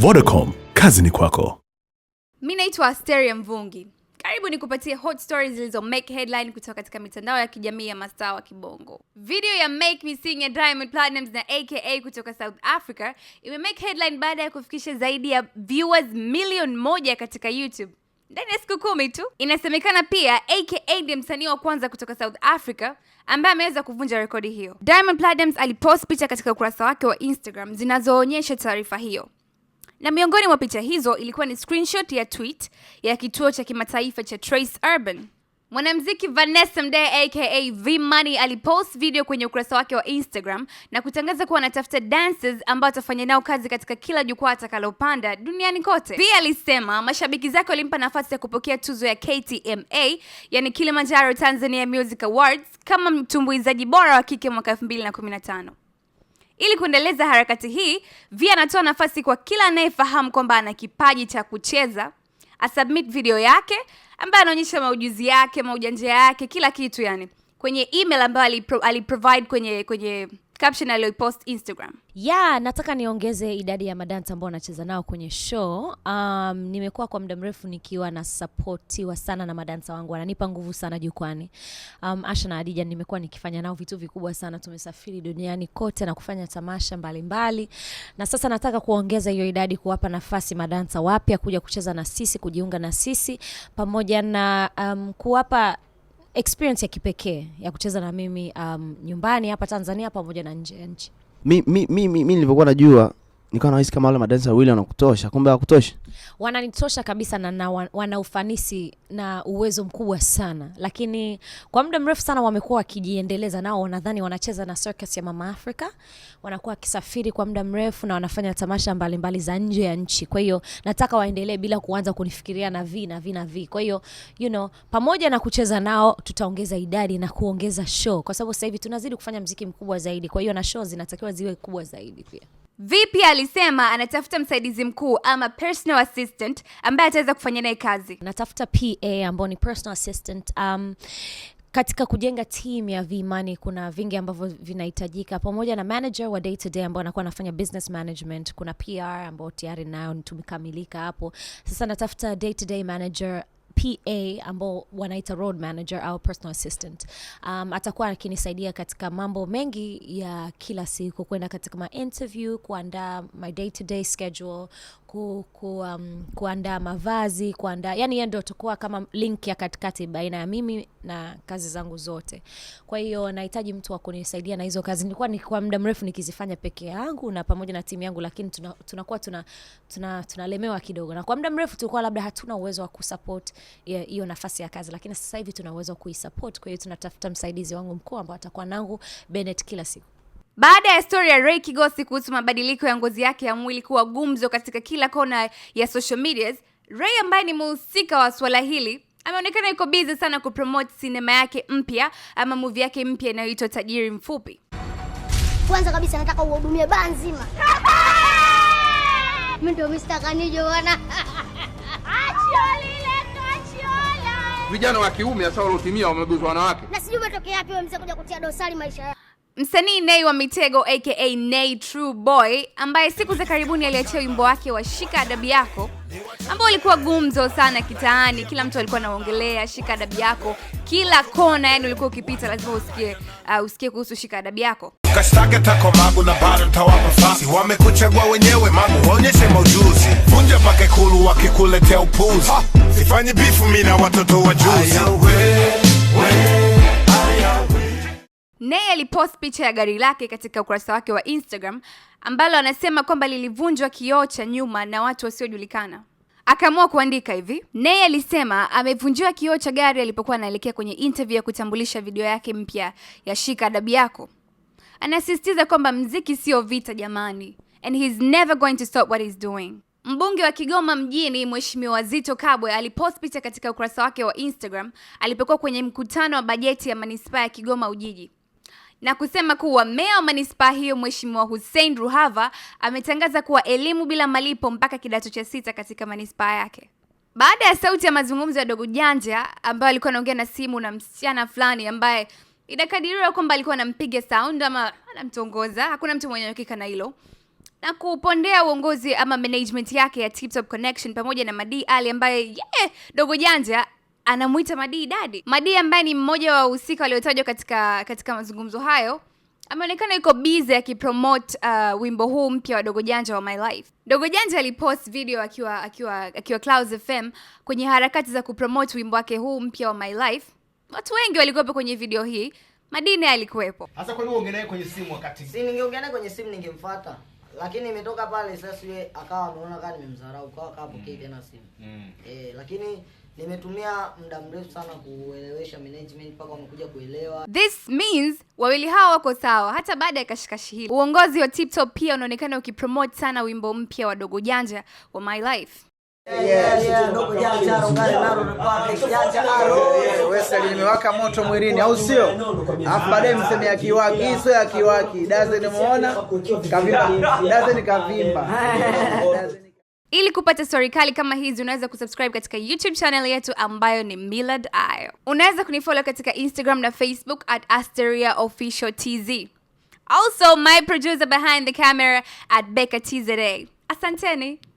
Vodacom, kazi ni kwako. Mi naitwa Asteria Mvungi. Karibu ni kupatie hot stories zilizo make headline kutoka katika mitandao ya kijamii ya mastaa wa kibongo. Video ya Make Me Sing ya Diamond platinums na AKA kutoka South Africa imemake headline baada ya kufikisha zaidi ya viewers milioni moja katika YouTube ndani ya siku kumi tu. Inasemekana pia AKA ndiye msanii wa kwanza kutoka South Africa ambaye ameweza kuvunja rekodi hiyo. Diamond platinums alipost picha katika ukurasa wake wa Instagram zinazoonyesha taarifa hiyo. Na miongoni mwa picha hizo ilikuwa ni screenshot ya tweet ya kituo cha kimataifa cha Trace Urban. Mwanamuziki Vanessa Mdee aka V Money alipost video kwenye ukurasa wake wa Instagram na kutangaza kuwa anatafuta dancers ambao atafanya nao kazi katika kila jukwaa atakalopanda duniani kote. Pia alisema mashabiki zake walimpa nafasi ya kupokea tuzo ya KTMA, yani Kilimanjaro Tanzania Music Awards, kama mtumbuizaji bora wa kike mwaka 2015. Ili kuendeleza harakati hii, Vee anatoa nafasi kwa kila anayefahamu kwamba ana kipaji cha kucheza asubmit video yake ambayo anaonyesha maujuzi yake, maujanja yake, kila kitu yani kwenye email ambayo aliprovide kwenye kwenye caption aliyoipost Instagram. Yeah, nataka niongeze idadi ya madansa ambao anacheza nao kwenye show. Um, nimekuwa kwa muda mrefu nikiwa na supportiwa sana na madansa wangu, wananipa nguvu sana jukwani. Um, Asha na Adija nimekuwa nikifanya nao vitu vikubwa sana, tumesafiri duniani kote na kufanya tamasha mbalimbali mbali. Na sasa nataka kuongeza hiyo idadi, kuwapa nafasi madansa wapya kuja kucheza na sisi, kujiunga na sisi pamoja na um, kuwapa experience ya kipekee ya kucheza na mimi um, nyumbani hapa Tanzania pamoja na nje ya nchi? Mi, mi, mi, mi, mi nilivyokuwa najua nikawa nahisi kama wale madansa wawili wanakutosha, kumbe hawakutosha. Wananitosha kabisa na, na wana ufanisi na uwezo mkubwa sana, lakini kwa muda mrefu sana wamekuwa wakijiendeleza nao. Nadhani wanacheza na circus ya Mama Africa, wanakuwa wakisafiri kwa muda mrefu na wanafanya tamasha mbalimbali mbali za nje ya nchi. Kwa hiyo nataka waendelee bila kuanza kunifikiria na vi na vi na vi. Kwa hiyo you know, pamoja na kucheza nao tutaongeza idadi na kuongeza show, kwa sababu sasa hivi tunazidi kufanya mziki mkubwa zaidi. Kwa hiyo na show zinatakiwa ziwe kubwa zaidi pia. VP alisema anatafuta msaidizi mkuu ama personal assistant ambaye ataweza kufanya naye kazi. Natafuta PA ambao ni personal assistant. Um, katika kujenga team ya Vimani kuna vingi ambavyo vinahitajika, pamoja na manager wa day to day ambao anakuwa anafanya business management. Kuna PR ambao tayari nayo tumekamilika hapo. Sasa natafuta day to day manager PA ambao wanaita road manager au personal assistant. Um, atakuwa akinisaidia katika mambo mengi ya kila siku, kwenda katika ma interview, kuandaa my day to day schedule, ku, ku, um, kuandaa mavazi kuandaa, yani ye ndo tukuwa kama link ya katikati baina ya mimi na kazi zangu zote. Kwa hiyo nahitaji mtu wa kunisaidia na hizo kazi. Nilikuwa kwa muda mrefu nikizifanya peke yangu na pamoja na timu yangu, lakini tunakuwa tuna, tuna, tunalemewa kidogo, na kwa muda mrefu tulikuwa labda hatuna uwezo wa kusupport hiyo nafasi ya kazi, lakini sasa hivi tuna uwezo wa kuisupport. Kwa hiyo tunatafuta msaidizi wangu mkuu ambaye atakuwa nangu Bennett kila siku. Baada ya stori ya Ray Kigosi kuhusu mabadiliko ya ngozi yake ya mwili kuwa gumzo katika kila kona ya social medias, Ray ambaye ni muhusika wa swala hili ameonekana yuko busy sana kupromote sinema yake mpya ama movie yake mpya inayoitwa Tajiri Mfupi. Kwanza kabisa nataka uhudumie baa nzima. Mimi ndio Mr. Kanijo bwana. Vijana wa kiume hasa waliotimia wameguzwa wanawake. Na sijui umetokea wapi wewe kuja kutia dosari maisha yao. Msanii Nay wa Mitego aka Nay True Boy ambaye siku za karibuni aliachia wimbo wake wa Shika Adabu Yako ambao ulikuwa gumzo sana kitaani. Kila mtu alikuwa anaongelea shika adabu yako, kila kona, yani ulikuwa ukipita lazima usikie, uh, usikie kuhusu shika adabu yako. Kashtaka tako magu na bado tawapa fasi, wamekuchagua wenyewe magu, waonyeshe maujuzi, vunja pake kulu wakikuletea upuzi, sifanyi bifu mimi na watoto wa juzi Nay alipost picha ya gari lake katika ukurasa wake wa Instagram ambalo anasema kwamba lilivunjwa kioo cha nyuma na watu wasiojulikana. Akaamua kuandika hivi. Nay alisema amevunjiwa kioo cha gari alipokuwa anaelekea kwenye interview ya kutambulisha video yake mpya ya Shika Adabu Yako. Anasisitiza kwamba mziki sio vita jamani, and he's never going to stop what he's doing. Mbunge wa Kigoma mjini Mheshimiwa Zito Kabwe alipost picha katika ukurasa wake wa Instagram alipokuwa kwenye mkutano wa bajeti ya manispaa ya Kigoma Ujiji na kusema kuwa meya wa manispaa hiyo Mheshimiwa Hussein Ruhava ametangaza kuwa elimu bila malipo mpaka kidato cha sita katika manispaa yake. Baada ya sauti ya mazungumzo ya Dogo Janja ambayo alikuwa anaongea na simu na msichana fulani ambaye inakadiriwa kwamba alikuwa anampiga sound ama anamtongoza, hakuna mtu mwenye hakika na hilo, na kupondea uongozi ama management yake ya Tip Top Connection pamoja na Madi Ali ambaye yeye yeah, Dogo Janja anamwita Madii dadi. Madii ambaye ni mmoja wa wahusika waliotajwa katika katika mazungumzo hayo ameonekana yuko busy akipromote uh, wimbo huu mpya wa Dogo Janja wa My Life. Dogo Janja alipost video akiwa akiwa akiwa Clouds FM kwenye harakati za kupromote wimbo wake huu mpya wa My Life. Watu wengi walikuwepo kwenye video hii. madii naye alikuwepo. Sasa kwa nini kwenye simu wakati? Si kwenye simu ningemfuata lakini imetoka pale sasa, yeye akawa ameona kama nimemdharau, kwa kapo mm. tena simu mm. eh, lakini nimetumia muda mrefu sana kuelewesha management mpaka wamekuja kuelewa. This means wawili hawa wako sawa hata baada ya kashikashi hili. Uongozi wa TikTok pia unaonekana ukipromote sana wimbo mpya wa Dogo Janja wa My Life limewaka moto mwilini, au sio? Alafu baadaye mseme akiwaki iso ya kiwaki daze, nimeona kavimba, daze Ili kupata stori kali kama hizi unaweza kusubscribe katika YouTube channel yetu ambayo ni Millard Ayo. Unaweza kunifollow katika Instagram na Facebook at Asteria Official TZ. Also my producer behind the camera at Becca TZA. Asanteni.